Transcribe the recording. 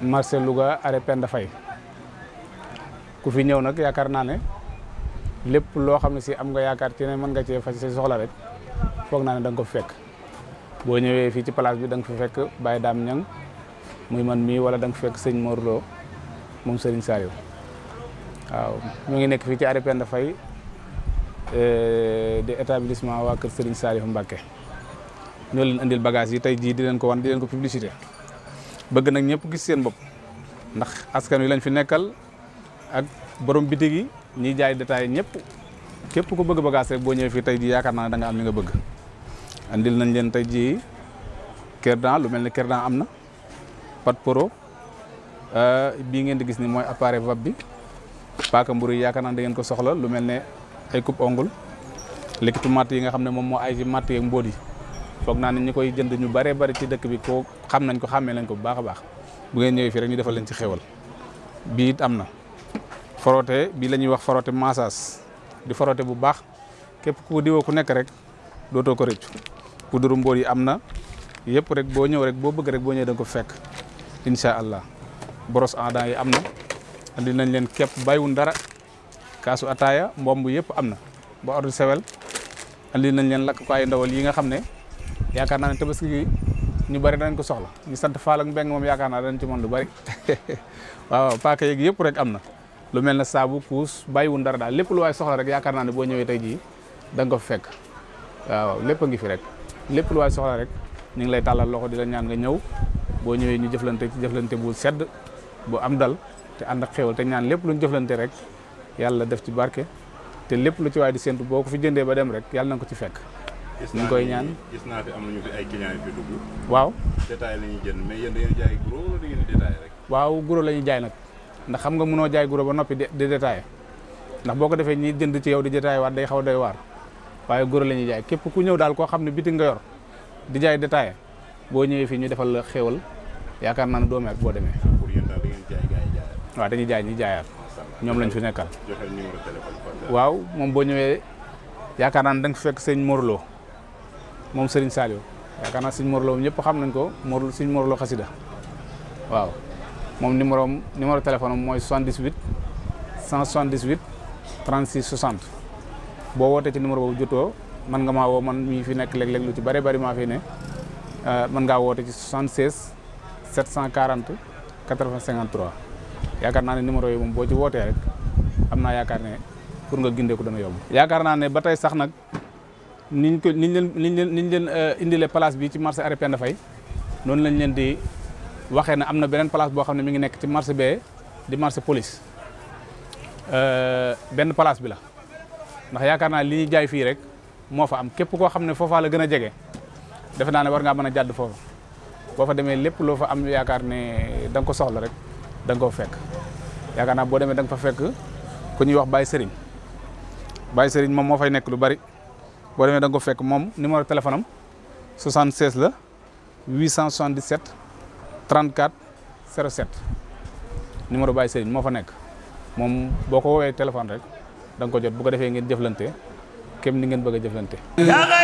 marché Louga arrêt Penda fay ku fi ñëw nag yaakaar naa ne lépp loo xam ne si am nga yaakaar ci ne mën nga cee faj sa soxla rek foog naa ne danga nga ko fekk boo ñëwee fii ci place bi danga nga fi fekk Baye Dame Niang muy man mii wala da nga fekk sëñ moorlo moom Serigne Saliou waaw mu ngi nekk fii ci arrêt Penda Faye euh, de établissement waa kër Serigne Saliou Mbacké ñoo leen indil bagage yi tey jii di leen ko wan di leen ko publicité bëgg nak ñëpp gis seen bop ndax askan wi lañ fi nekkal ak borom bitigi ñi jaay detaay ñëpp képp ku bëgg bagage rek bo ñëw fi tay jii yaakaar naa da nga am li nga bëgg andil nañ leen tay ji kerdan lu melni kerdan amna na pat poro euh, bi ngeen di gis ni moy appareil vap bi paaka mburu yi yaakaar naa da ngeen ko soxla lu melni ay coupe ongle likitu mat yi nga xamne mom mo ay ci matt yeeg mbóot yi fokk na ni ñi koy jënd ñu bare bari ci dëkk bi ko xam nañ ko xamé lañ ko bu baax baax bu ngeen ñëwee fi rek ñu defal leen ci xéewal bi it amna foroté bi lañuy wax foroté massage di foroté bu baax képp ku diwo ku nekk rek doto ko rëccu duru mbool yi amna yépp rek bo ñëw rek bo bëgg rek bo ñëw da nga ko fekk insha allah boros ada yi amna andi nañ leen képp bayu ndara kasu ataya mbomb yëpp am na ba ordre sewel andi nañ leen ay ndawal yi nga xamné yakarna nañ ne tabaski ñu bari dañ ko soxla ñu sant faal ak mbeng mom yakarna dañ ci mën lu bari waaw paaka yeeg yep rek amna lu melna sabu kous kuus bàyyiwun dara daal lépp lu way soxla rek yakarna ni bo ñewé tay ji da nga ko fekk waaw lepp ngi fi rek lepp lu way soxla rek ñi ngi lay talal loxo di la ñaan nga ñew bo ñewé ñu jëflante ci jëflante bu sedd bu am dal te and ak xewal te ñaan lépp luñ jëflante rek yalla def ci barke te lepp lu ci way di sentu boko fi jëndé ba dem rek yalla nang ko ci fekk ñu koy ñaan gis naa fi am nañu ay clients waaw détail la ñuy jënd mais yéen da jaay waaw gros la ñuy jaay nag ndax xam nga mënoo jaay gros ba noppi di détail ndax boo ko defee ñi jënd ci yow di détail waat day xaw day doy waar waaye gros la ñuy jaay képp ku ñëw daal koo xam ne biti nga yor di jaay détail boo ñëwee fii ñu defal la xéwal yaakaar naa ne doo ak boo demee. Ah, pour yéen jaay waaw dañuy jaay ñi jaayaat ñoom lañ fi nekkal. joxe numéro waaw moom boo ñëwee yaakaar naa ne da nga fekk sëñ Morlo mom Serigne salio, yakana Serigne morlo Lo xam nañ ko morlo Serigne morlo Lo waaw mom numéro numéro téléphone moy 78 178 3660 bo woté ci numéro bobu jotto man nga ma wo man mi fi nek léeg-léeg lu ci bare bari ma fi ne euh, man nga woté ci 76 740 853 yakarna yaakaar ne numéro yi mom bo ci woté rek amna naa yaakaar pour nga gindé ko dana yomb. yakarna ne sax nak niñ ko niñ leen niñ leen niñ leen euh, indilee place bi ci marché lañ di waxee na amna na beneen place boo xam be mi ngi ci marché di marché police euh, benn place bi la ndax yaakaar naa li ñuy jaay fii rek moo fa am képp koo xam ne foofaa la gën a jege defe naa ne war ngaa mën a jàdd boo fa demee lépp loo fa am yaakaar ne da nga ko soxla rek da nga ko fekk yaakaar naa boo demee da nga fa fekk ku ñuy wax moom moo fay nekk lu bari boo demee da nga ko fekk moom numéro téléphone am 76 la 877 34 07 numéro Baye Serigne moo fa nekk moom boo ko woowee téléphone rek da nga ko jot bu ko defee ngeen jëflante kéem ni ngeen bëgg a jëflante.